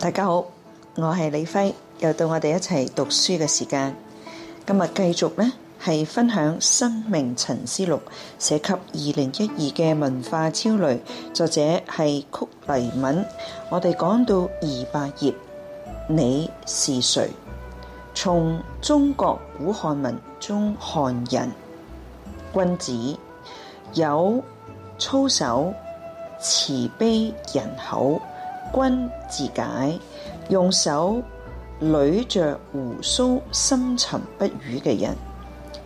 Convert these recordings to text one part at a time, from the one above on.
大家好，我係李輝，又到我哋一齊讀書嘅時間。今日繼續咧係分享《生命沉思錄》，寫給二零一二嘅文化焦慮，作者係曲黎敏。我哋講到二百頁，你是誰？從中國古漢文中漢人君子有操守，慈悲人口。君自解，用手捋着鬍鬚，深沉不語嘅人；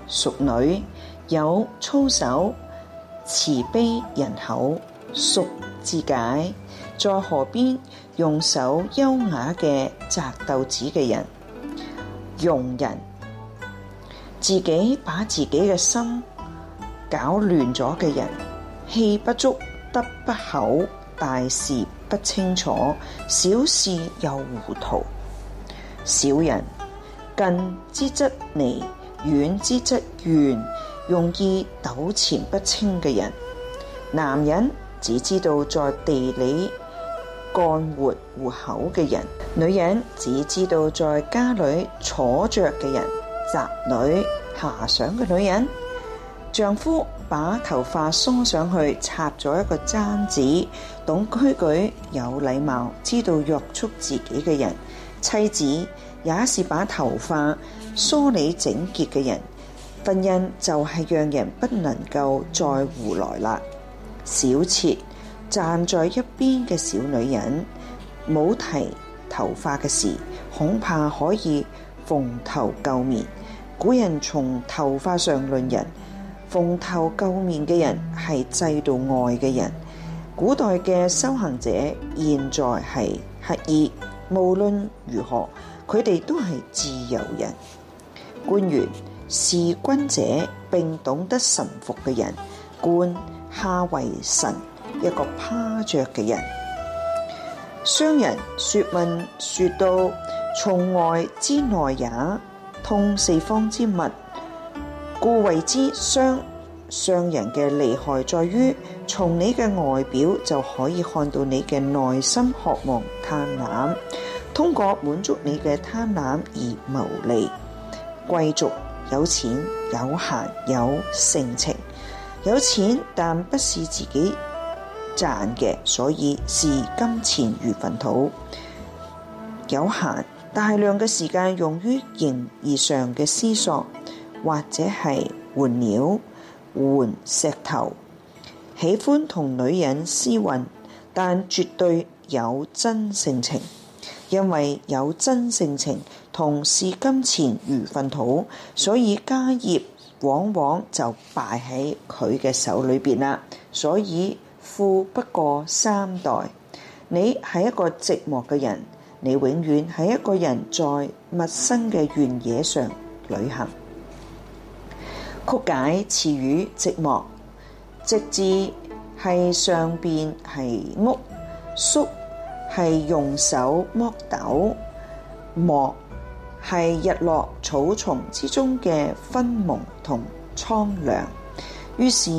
淑女，有粗手慈悲人口；淑自解，在河邊用手優雅嘅摘豆子嘅人；用人自己把自己嘅心搞亂咗嘅人，氣不足，德不厚，大事。不清楚，小事又糊塗，小人近之則彌，遠之則怨，容易糾纏不清嘅人。男人只知道在地裏幹活糊口嘅人，女人只知道在家裏坐着嘅人，宅女遐想嘅女人，丈夫。把頭髮梳上去，插咗一個簪子，懂規矩，有禮貌，知道約束自己嘅人。妻子也是把頭髮梳理整潔嘅人。婚姻就係讓人不能夠再胡來啦。小妾站在一邊嘅小女人，冇提頭髮嘅事，恐怕可以逢頭垢面。古人從頭髮上論人。蓬頭垢面嘅人係制度外嘅人，古代嘅修行者現在係乞兒，無論如何，佢哋都係自由人。官員事君者並懂得臣服嘅人，官下為臣，一個趴着嘅人。商人說問說到從外之內也，通四方之物。故謂之相，相人嘅厲害在於，從你嘅外表就可以看到你嘅內心渴望、貪婪。通過滿足你嘅貪婪而牟利。貴族有錢，有閒，有性情。有錢但不是自己賺嘅，所以視金錢如糞土。有閒，大量嘅時間用於形而上嘅思索。或者係換鳥、換石頭，喜歡同女人廝混，但絕對有真性情。因為有真性情同視金錢如糞土，所以家業往往就敗喺佢嘅手裏邊啦。所以富不過三代。你係一個寂寞嘅人，你永遠係一個人在陌生嘅原野上旅行。曲解詞語，寂寞。寂字係上邊係屋，宿係用手剝豆。寞係日落草叢之中嘅昏蒙同蒼涼。於是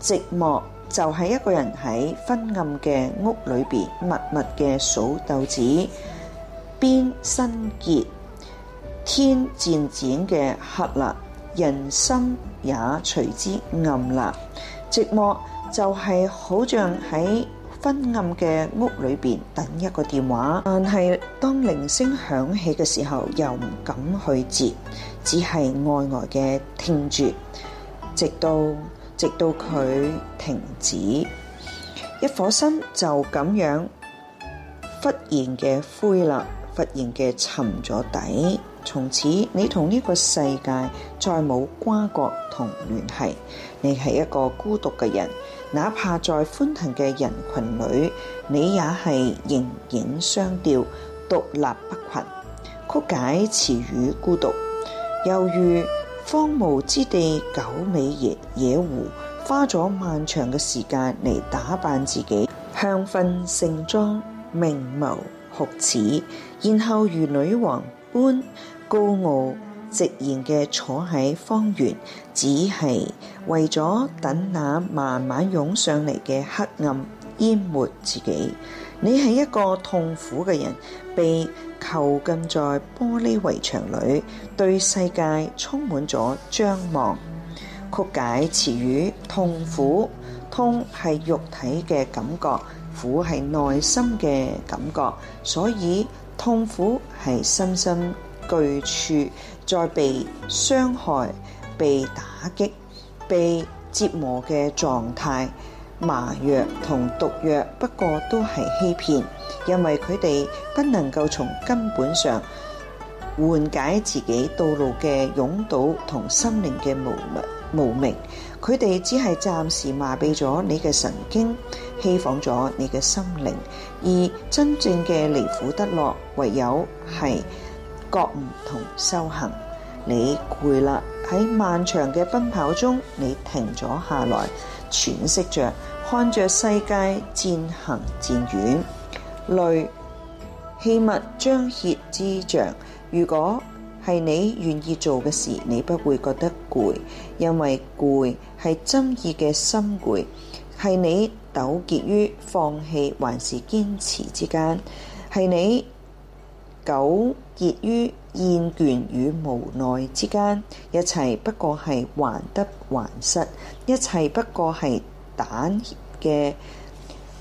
寂寞就係一個人喺昏暗嘅屋裏邊默默嘅數豆子，邊新結，天漸漸嘅黑啦。人心也隨之暗啦，寂寞就係好像喺昏暗嘅屋裏邊等一個電話，但係當鈴聲響起嘅時候又唔敢去接，只係呆呆嘅聽住，直到直到佢停止，一顆心就咁樣忽然嘅灰啦，忽然嘅沉咗底。從此你同呢個世界再冇瓜葛同聯繫，你係一個孤獨嘅人。哪怕在歡騰嘅人群裏，你也係形影相吊，獨立不群。曲解詞語，孤獨。猶如荒蕪之地九尾葉野狐，花咗漫長嘅時間嚟打扮自己，香熏盛裝，明眸皓齒，然後如女王般。高傲，直言嘅坐喺方圓，只係為咗等那慢慢湧上嚟嘅黑暗淹沒自己。你係一個痛苦嘅人，被囚禁在玻璃圍牆裏，對世界充滿咗張望。曲解詞語，痛苦，痛係肉體嘅感覺，苦係內心嘅感覺，所以痛苦係深深具處再被傷害、被打擊、被折磨嘅狀態，麻藥同毒藥，不過都係欺騙，因為佢哋不能夠從根本上緩解自己道路嘅擁堵同心靈嘅無物無明。佢哋只係暫時麻痹咗你嘅神經，欺仿咗你嘅心靈，而真正嘅離苦得樂，唯有係。覺悟同修行，你攰啦！喺漫長嘅奔跑中，你停咗下來，喘息着，看着世界漸行漸遠，累。器物將歇之象，如果係你願意做嘅事，你不會覺得攰，因為攰係爭議嘅心攰，係你糾結於放棄還是堅持之間，係你。糾結於厭倦與無奈之間，一切不過係還得還失，一切不過係膽怯嘅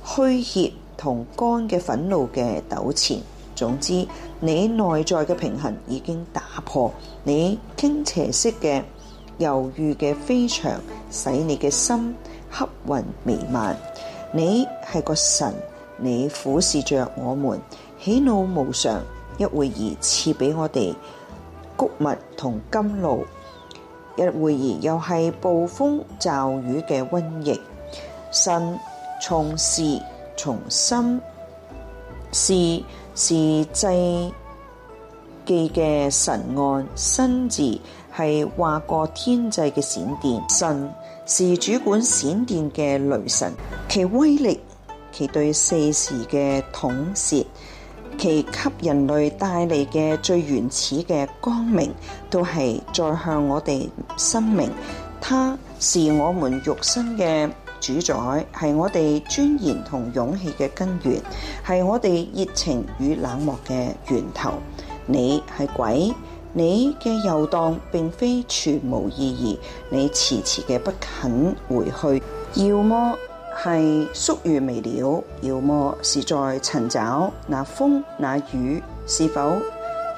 虛怯同肝嘅憤怒嘅糾纏。總之，你內在嘅平衡已經打破，你傾斜式嘅猶豫嘅飛翔，使你嘅心黑雲彌漫。你係個神，你俯視着我們，喜怒無常。一會兒賜俾我哋谷物同甘露，一會兒又係暴風驟雨嘅瘟疫。神從事從心是，是是祭祀嘅神案。神字係劃過天際嘅閃電，神是主管閃電嘅雷神，其威力，其對四時嘅統攝。其給人類帶嚟嘅最原始嘅光明，都係在向我哋生命。它是我們肉身嘅主宰，係我哋尊嚴同勇氣嘅根源，係我哋熱情與冷漠嘅源頭。你係鬼，你嘅遊蕩並非全無意義。你遲遲嘅不肯回去，要麼。係宿雨未了，要麼是在尋找那風那雨，是否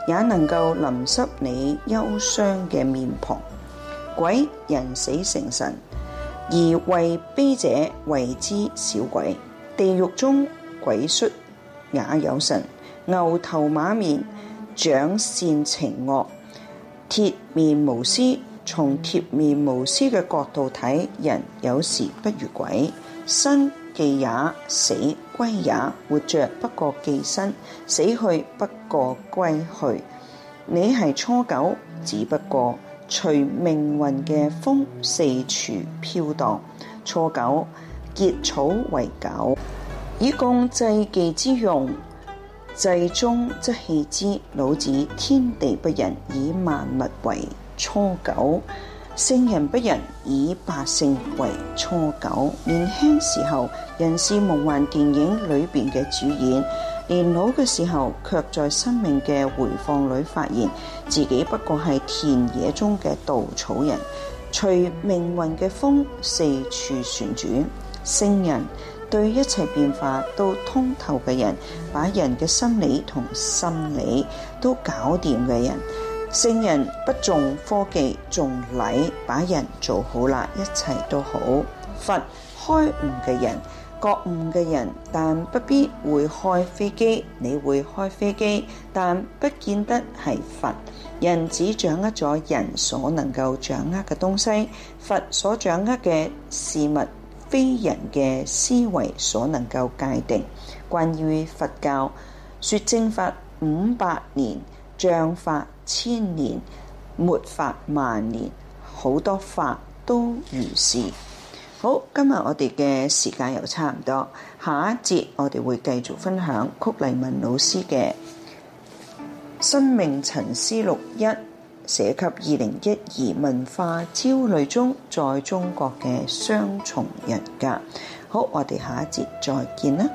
也能夠淋濕你憂傷嘅面龐？鬼人死成神，而為卑者為之小鬼。地獄中鬼術也有神，牛頭馬面掌善情惡，鐵面無私。從鐵面無私嘅角度睇，人有時不如鬼。生寄也，死歸也。活着不過寄生，死去不過歸去。你係芻狗，只不過隨命運嘅風四處飄蕩。芻狗，結草為狗，以供祭祀之用。祭終則棄之。老子：天地不仁，以萬物為芻狗。聖人不仁，以百姓為芻狗。年輕時候，人是夢幻電影裏邊嘅主演；年老嘅時候，卻在生命嘅回放裏發現自己不過係田野中嘅稻草人，隨命運嘅風四處旋轉。聖人對一切變化都通透嘅人，把人嘅心理同生理都搞掂嘅人。聖人不重科技，重禮，把人做好啦，一切都好。佛開悟嘅人，覺悟嘅人，但不必會開飛機，你會開飛機，但不見得係佛。人只掌握咗人所能夠掌握嘅東西，佛所掌握嘅事物，非人嘅思維所能夠界定。關於佛教，說正法五百年，像法。千年末法，萬年，好多法都如是。好，今日我哋嘅時間又差唔多，下一節我哋會繼續分享曲黎文老師嘅《生命沉思錄一》，寫給二零一二文化焦慮中在中國嘅雙重人格。好，我哋下一節再見啦。